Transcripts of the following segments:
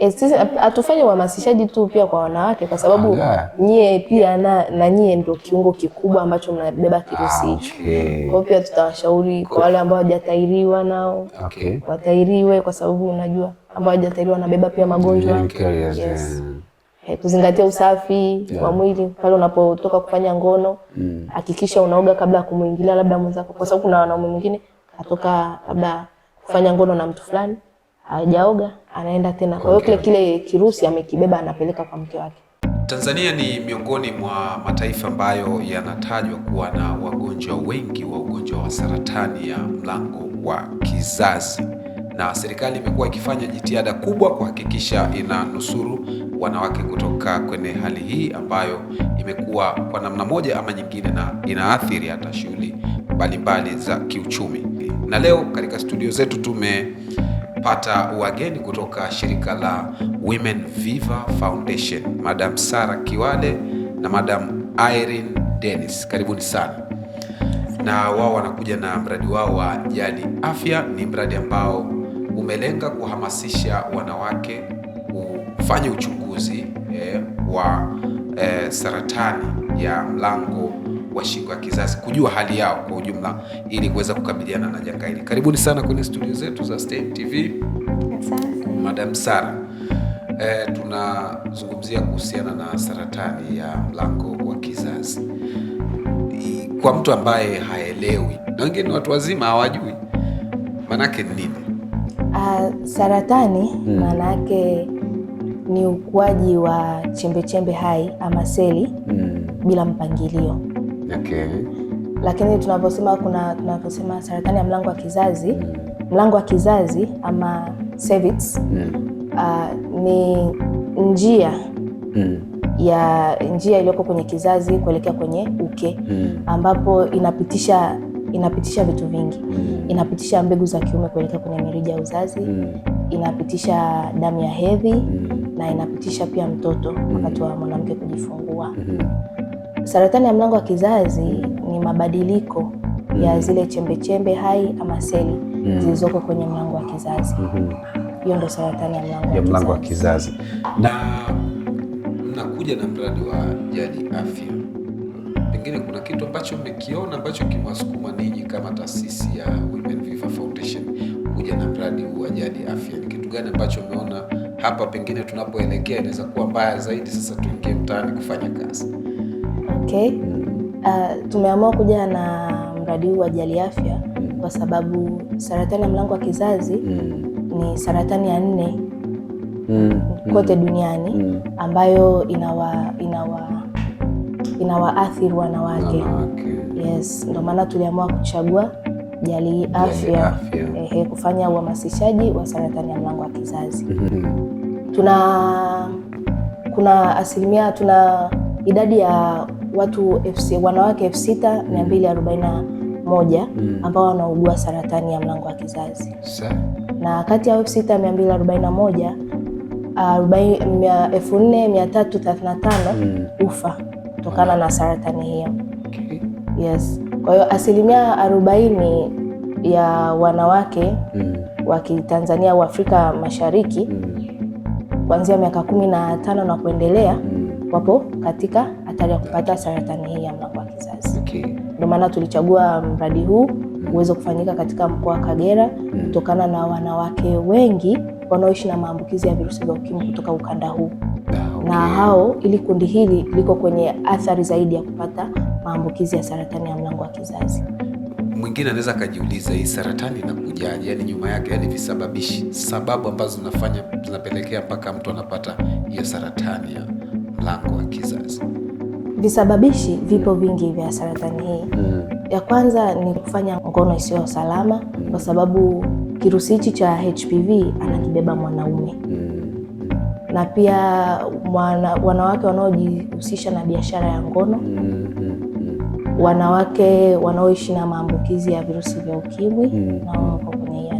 Eh, sisi hatufanye uhamasishaji tu pia kwa wanawake, kwa sababu ah, nyie pia na, na nyie ndio kiungo kikubwa ambacho mnabeba kirusi ah, hicho. Okay. Kwa pia tutawashauri kwa wale ambao hawajatairiwa nao okay, watairiwe, kwa sababu unajua ambao hawajatairiwa wanabeba pia magonjwa yes. Hey, eh, kuzingatia usafi yeah, wa mwili pale unapotoka kufanya ngono mm. hakikisha mm, unaoga kabla ya kumuingilia labda mwenzako, kwa sababu kuna wanaume mwingine atoka labda kufanya ngono na mtu fulani hajaoga anaenda tena. Kwa hiyo kile kile kirusi amekibeba anapeleka kwa mke wake. Tanzania ni miongoni mwa mataifa ambayo yanatajwa kuwa na wagonjwa wengi wa ugonjwa wa saratani ya mlango wa kizazi, na serikali imekuwa ikifanya jitihada kubwa kuhakikisha inanusuru wanawake kutoka kwenye hali hii ambayo imekuwa kwa namna moja ama nyingine na inaathiri hata shughuli mbalimbali za kiuchumi. Na leo katika studio zetu tume pata wageni kutoka shirika la Women Viva Foundation, Madam Sara kiwale na Madam Irene Dennis, karibuni sana. Na wao wanakuja na mradi wao wa Jali Afya. Ni mradi ambao umelenga kuhamasisha wanawake kufanya uchunguzi eh, wa eh, saratani ya mlango washiriki ya kizazi kujua hali yao kwa ujumla ili kuweza kukabiliana na janga hili. Karibuni sana kwenye studio zetu za Stein TV. Madam Sara, e, eh, tunazungumzia kuhusiana na saratani ya mlango wa kizazi kwa mtu ambaye haelewi na wengine watu wazima hawajui maanake ni nini? Uh, saratani maanake hmm, ni ukuaji wa chembechembe hai ama seli hmm, bila mpangilio okay. Lakini tunavyosema kuna tunavyosema saratani ya mlango wa kizazi, mlango wa kizazi ama cervix mm. Uh, ni njia mm. ya njia iliyoko kwenye kizazi kuelekea kwenye uke mm. ambapo inapitisha inapitisha vitu vingi mm. inapitisha mbegu za kiume kuelekea kwenye mirija ya uzazi mm. inapitisha damu ya hedhi mm. na inapitisha pia mtoto wakati mm. wa mwanamke kujifungua mm -hmm. Saratani ya mlango wa kizazi ni mabadiliko ya zile chembe chembe hai ama seli mm. zilizoko kwenye mlango wa kizazi mm-hmm. hiyo -hmm. ndo saratani ya mlango ya mlango wa kizazi. Na mnakuja na mradi wa Jali Afya, pengine kuna kitu ambacho mmekiona ambacho kimewasukuma ninyi kama taasisi ya Women Viva Foundation kuja na mradi huu wa Jali Afya? Ni kitu gani ambacho mmeona hapa, pengine tunapoelekea inaweza kuwa mbaya zaidi, sasa tuingie mtaani kufanya kazi? Okay. Mm. Uh, tumeamua kuja na mradi huu wa Jali Afya mm. kwa sababu saratani ya mlango wa kizazi mm. ni saratani ya nne mm. kote mm. duniani mm. ambayo inawa inawa inawaathiri wanawake yes, ndio maana tuliamua kuchagua Jali Afya Eh, kufanya uhamasishaji wa saratani ya mlango wa kizazi mm -hmm. tuna kuna asilimia tuna idadi ya watu FC, wanawake elfu sita mia mbili arobaini na moja hmm. ambao wanaugua saratani ya mlango wa kizazi Sa. na kati ya elfu sita mia mbili arobaini na moja elfu nne mia tatu thelathini na tano hmm. ufa kutokana na saratani hiyo okay. Yes, kwa hiyo asilimia arobaini ya wanawake mm. wa Kitanzania au Afrika Mashariki mm. kuanzia miaka kumi na tano na kuendelea mm wapo katika hatari ya kupata saratani hii ya mlango wa kizazi. Okay. Ndio maana tulichagua mradi huu mm. uweze kufanyika katika mkoa wa Kagera mm. kutokana na wanawake wengi wanaoishi na maambukizi ya virusi vya ukimwi kutoka ukanda huu. Okay. Na hao ili kundi hili liko kwenye athari zaidi ya kupata maambukizi ya saratani ya mlango wa kizazi. Mwingine anaweza akajiuliza hii saratani inakujaje? Yani nyuma yake, yani visababishi, sababu ambazo zinafanya zinapelekea mpaka mtu anapata hiyo saratani ya mlango wa kizazi. Visababishi vipo vingi vya saratani hii mm. Ya kwanza ni kufanya ngono isiyo salama mm. Kwa sababu kirusi hichi cha HPV anakibeba mwanaume mm. mm. Na pia mwana, wanawake wanaojihusisha na biashara ya ngono mm, mm, mm. Wanawake wanaoishi na maambukizi ya virusi vya ukimwi mm. na wako kwenye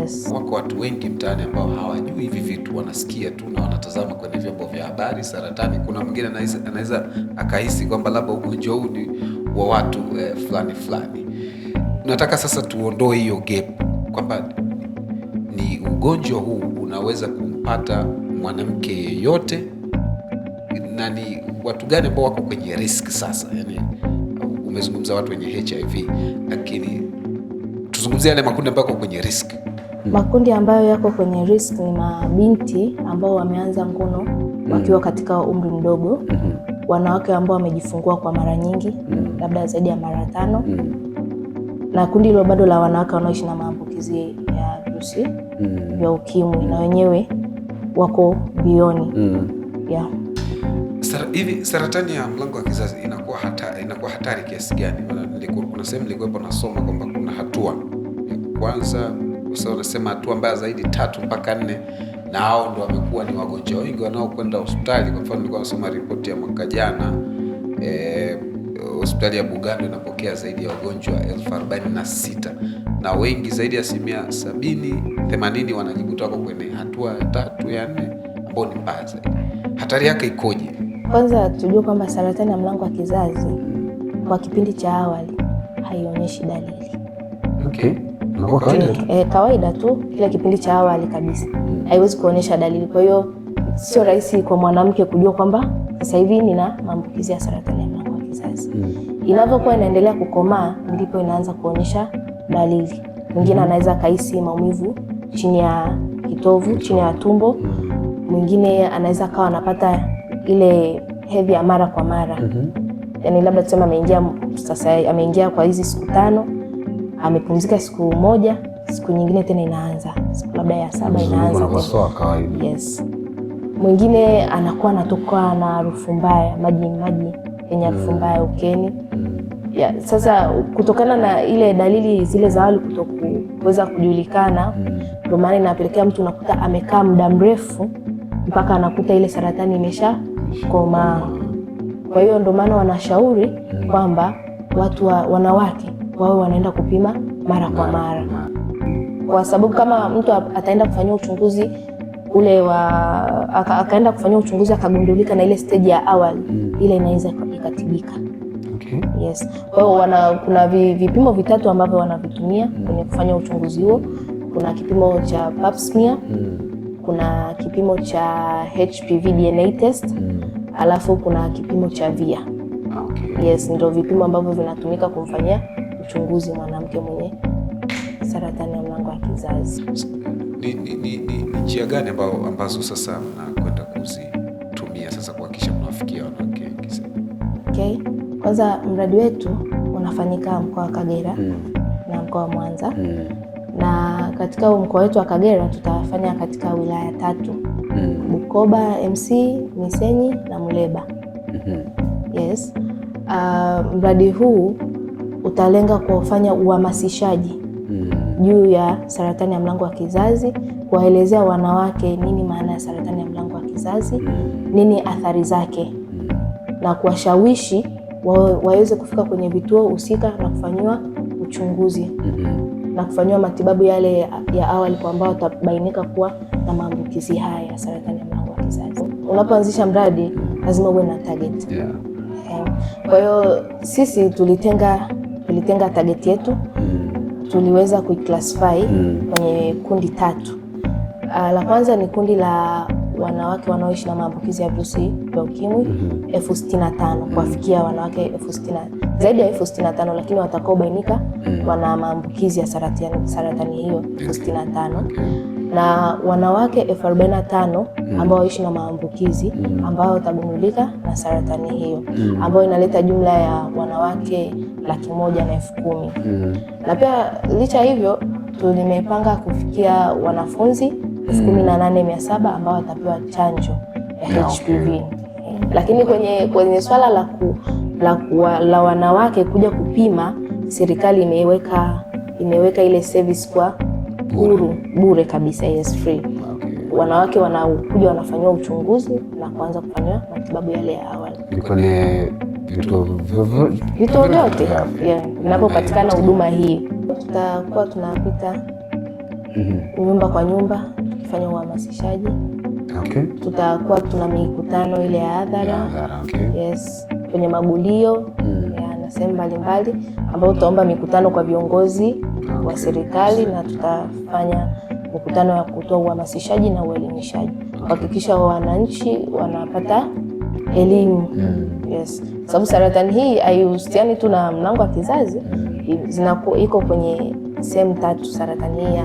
yes. Wako watu wengi mtaani ambao hawajui hivi vitu, wanasikia tu na wanatazama kwenye vyombo vya habari. Saratani, kuna mwingine anaweza akahisi kwamba labda ugonjwa huu ni wa watu eh, fulani fulani. Nataka sasa tuondoe hiyo gap kwamba ni ugonjwa huu unaweza kumpata mwanamke yeyote, na ni watu gani ambao wako kwenye risk sasa? Yani umezungumza watu wenye HIV, lakini tuzungumzie yale makundi ambayo yako kwenye risk. Mm. Makundi ambayo yako kwenye risk ni mabinti ambao wameanza ngono mm. wakiwa katika umri mdogo mm -hmm. wanawake ambao wamejifungua kwa mara nyingi mm. labda zaidi ya mara tano mm. na kundi hilo bado la wanawake wanaoishi na maambukizi ya virusi mm. vya mm. ukimwi na wenyewe wako bilioni mm. yeah. Hivi saratani ya mlango wa kizazi inakuwa hatari, inakuwa hatari kiasi gani? Kuna sehemu nilikuwepo nasoma kwamba kuna hatua ya kwanza kwa wanasema hatua mbaya zaidi tatu mpaka nne, na hao ndo wamekuwa ni wagonjwa wengi wanaokwenda hospitali. Kwa mfano, nilikuwa nasoma ripoti ya mwaka jana e, hospitali ya Bugando inapokea zaidi ya wagonjwa elfu arobaini na sita na wengi zaidi ya asilimia sabini themanini wanajikuta wako kwenye hatua ya tatu ya nne, ambao ni mbaya zaidi. Hatari yake ikoje? Kwanza tujue kwamba saratani ya mlango wa kizazi kwa kipindi cha awali haionyeshi dalili okay. Inakuwa kawaida tu. Eh, kawaida tu kipindi cha awali kabisa haiwezi kuonyesha dalili, kwa hiyo sio rahisi kwa mwanamke kujua kwamba sasa hivi nina maambukizi ya saratani ya mlango wa kizazi. Mm. Inavyokuwa inaendelea kukomaa ndipo inaanza kuonyesha dalili. Mwingine mm. anaweza kahisi maumivu chini ya kitovu, chini ya tumbo. Mm. Mwingine anaweza kawa anapata ile hedhi ya mara kwa mara. Mm Yaani labda tuseme ameingia sasa ameingia kwa hizi siku tano amepumzika siku moja, siku nyingine tena inaanza, siku labda ya saba inaanza Yes. Mwingine anakuwa anatoka na harufu mbaya, maji maji yenye harufu mm. mbaya ukeni. Mm. Ya, sasa kutokana na ile dalili zile za awali kutokuweza kujulikana, mm. ndio maana inapelekea mtu unakuta amekaa muda mrefu mpaka anakuta ile saratani imesha koma Kwa hiyo ndio maana wanashauri kwamba watu wa, wanawake wawe wanaenda kupima mara kwa mara, kwa sababu kama mtu ataenda kufanyia uchunguzi ule wa aka, akaenda kufanyia uchunguzi akagundulika na ile stage ya awali mm. ile inaweza ikatibika. Okay. Yes. Kwa hiyo wana kuna vipimo vitatu ambavyo wanavitumia mm. kwenye kufanya uchunguzi huo. Kuna kipimo cha pap smear, mm. kuna kipimo cha HPV DNA test, alafu kuna kipimo cha VIA. Ah, okay. Yes, ndio vipimo ambavyo vinatumika kumfanyia uchunguzi mwanamke mwenye saratani ya mlango wa kizazi. Ni, ni, ni, ni njia gani ambazo, ambazo sasa mnakwenda kuzitumia sasa kuhakikisha mnawafikia wanawake wengi? Okay, kwanza mradi wetu unafanyika mkoa wa Kagera mm. na mkoa wa Mwanza mm. na katika mkoa wetu wa Kagera tutafanya katika wilaya tatu mm. Bukoba MC, Misenyi na Muleba mm -hmm. Yes. Uh, mradi huu utalenga kuwafanya uhamasishaji hmm. juu ya saratani ya mlango wa kizazi, kuwaelezea wanawake nini maana ya saratani ya mlango wa kizazi hmm. nini athari zake hmm. na kuwashawishi waweze kufika kwenye vituo husika na kufanyiwa uchunguzi na kufanyiwa matibabu yale ya awali kwa ambao watabainika kuwa na maambukizi haya ya saratani ya mlango wa kizazi. Unapoanzisha mradi lazima uwe na target yeah. Kwa hiyo sisi tulitenga tulitenga target yetu mm. tuliweza kuiclassify mm. kwenye kundi tatu. Uh, la kwanza ni kundi la wanawake wanaoishi na maambukizi ya virusi vya ukimwi elfu sitini na tano kuwafikia wanawake elfu sitini zaidi ya elfu sitini na tano lakini watakaobainika mm. wana maambukizi ya saratani, saratani hiyo elfu sitini na tano na wanawake elfu arobaini na tano mm. ambao waishi na maambukizi mm. ambao watagundulika na saratani hiyo ambayo inaleta jumla ya wanawake laki moja na elfu kumi mm. na pia licha hivyo tulimepanga kufikia wanafunzi elfu kumi na nane mia saba ambao watapewa chanjo ya HPV okay. Lakini kwenye, kwenye swala la, ku, la, ku, la wanawake kuja kupima, serikali imeweka imeweka ile service kwa huru bure kabisa, yes free wanawake wanakuja wanafanyiwa uchunguzi na kuanza kufanyiwa matibabu yale ya awali kwenye vitu vyote vinavyopatikana huduma hii. Tutakuwa tunapita mhm. nyumba kwa nyumba kufanya uhamasishaji. Okay. Tutakuwa tuna mikutano ile ya hadhara okay. Yes, kwenye magulio mm. na sehemu mbalimbali ambayo tutaomba mikutano kwa viongozi okay. wa serikali na tutafanya mikutano ya kutoa uhamasishaji na uelimishaji kuhakikisha okay. wananchi wanapata elimu mm. Yes, sababu saratani hii haihusiani tu na mlango wa kizazi mm. Iko kwenye sehemu tatu saratani hii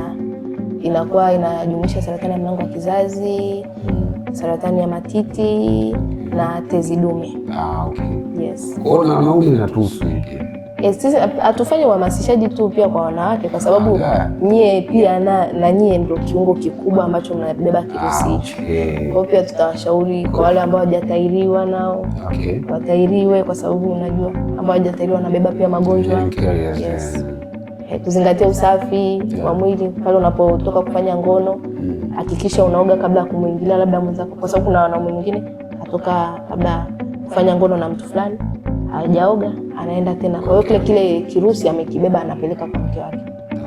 inakuwa inajumuisha saratani ya mlango wa kizazi mm. saratani ya matiti na tezi dume. Ah, okay. Yes. Kwa hiyo na inatuhusu Eh, sisi hatufanyi uhamasishaji tu pia kwa wanawake, kwa sababu ah, nyie pia na, na nyie ndio kiungo kikubwa ambacho mnabeba ah, kirusi hicho. Okay. Kwa pia tutawashauri kwa wale ambao hawajatahiriwa nao watairiwe watahiriwe kwa sababu unajua ambao hawajatahiriwa wanabeba pia magonjwa yes. Yes. Eh, Kuzingatia usafi wa mwili pale unapotoka kufanya ngono, mm. hakikisha unaoga kabla ya kumwingilia labda mwenzako, kwa sababu kuna wanaume mwingine atoka labda kufanya ngono na mtu fulani hajaoga anaenda tena. Kwa hiyo kile kile kirusi amekibeba anapeleka kwa mke wake.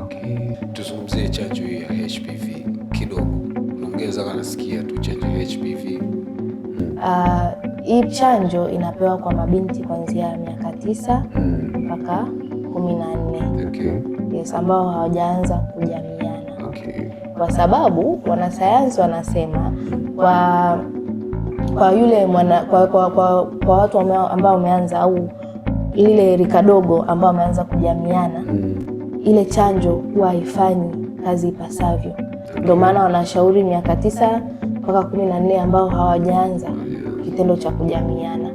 Okay. Tuzungumzie chanjo hii ya HPV kidogo, naongeza kanasikia tu chanjo ya HPV. Uh, ah, hii chanjo inapewa kwa mabinti kuanzia miaka tisa hmm. mpaka hmm, kumi na nne. Okay. Yes, ambao hawajaanza kujamiana. Okay. Kwa sababu wanasayansi wanasema kwa kwa yule mwana, kwa, kwa, kwa, kwa watu ambao wameanza au lile rika dogo ambao wameanza kujamiana mm. ile chanjo huwa haifanyi kazi ipasavyo, ndio maana wanashauri miaka tisa mpaka kumi na nne ambao hawajaanza kitendo cha kujamiana.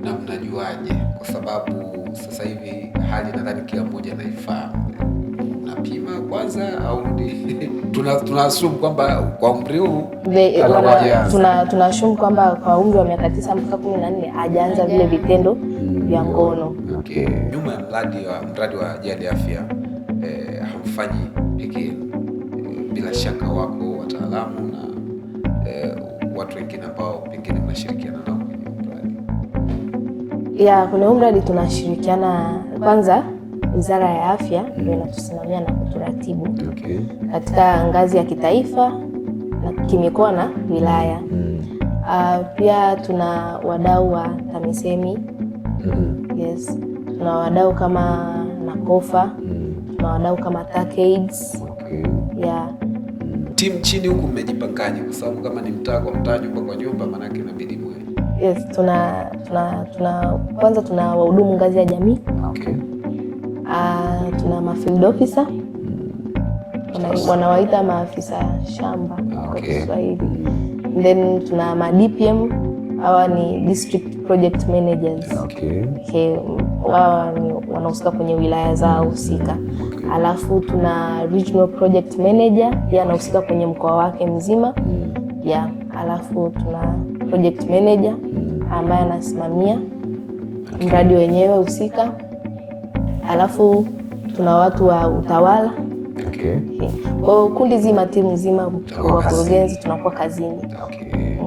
Na mnajuaje? Kwa sababu sasa hivi hali nadhani kila mmoja anaifahamu kwanza au tuna, kwamba kwa umri huu tuna, kwamba kwa umri wa miaka tisa mpaka kumi na nne hajaanza vile vitendo mm. vya ngono. Okay. Nyuma ya mradi wa mradi wa Jali Afya eh, hamfanyi pekee eh, bila shaka wako wataalamu na eh, watu wengine ambao pengine mnashirikiana nao kwenye mradi ya kwenye huu mradi tunashirikiana kwanza, Wizara ya Afya ndio inatusimamia na kutu uratibu okay. katika ngazi ya kitaifa na kimikoa na wilaya mm. Uh, pia tuna wadau wa TAMISEMI mm. Yes, tuna wadau kama NACOFA mm. tuna wadau kama TACAIDS okay. yeah. Mm. Timu chini huku mmejipangaje? Kwa sababu kama ni mtaa kwa mtaa, nyumba kwa nyumba, maanake inabidi mwe. Yes, tuna tuna tuna kwanza tuna wahudumu ngazi ya jamii okay. Uh, tuna mafield officer wanawaita maafisa shamba kwa ah, Kiswahili Then tuna madpm hawa ni district project managers ah, okay. Okay. wanahusika kwenye wilaya zao husika okay. Alafu tuna regional project manager yeye anahusika kwenye mkoa wake mzima mm. ya alafu tuna project manager mm. ambaye anasimamia okay. mradi wenyewe husika. Alafu tuna watu wa utawala okay. Oh, kundi zima, timu zima, wakurugenzi tunakuwa kazini. Okay.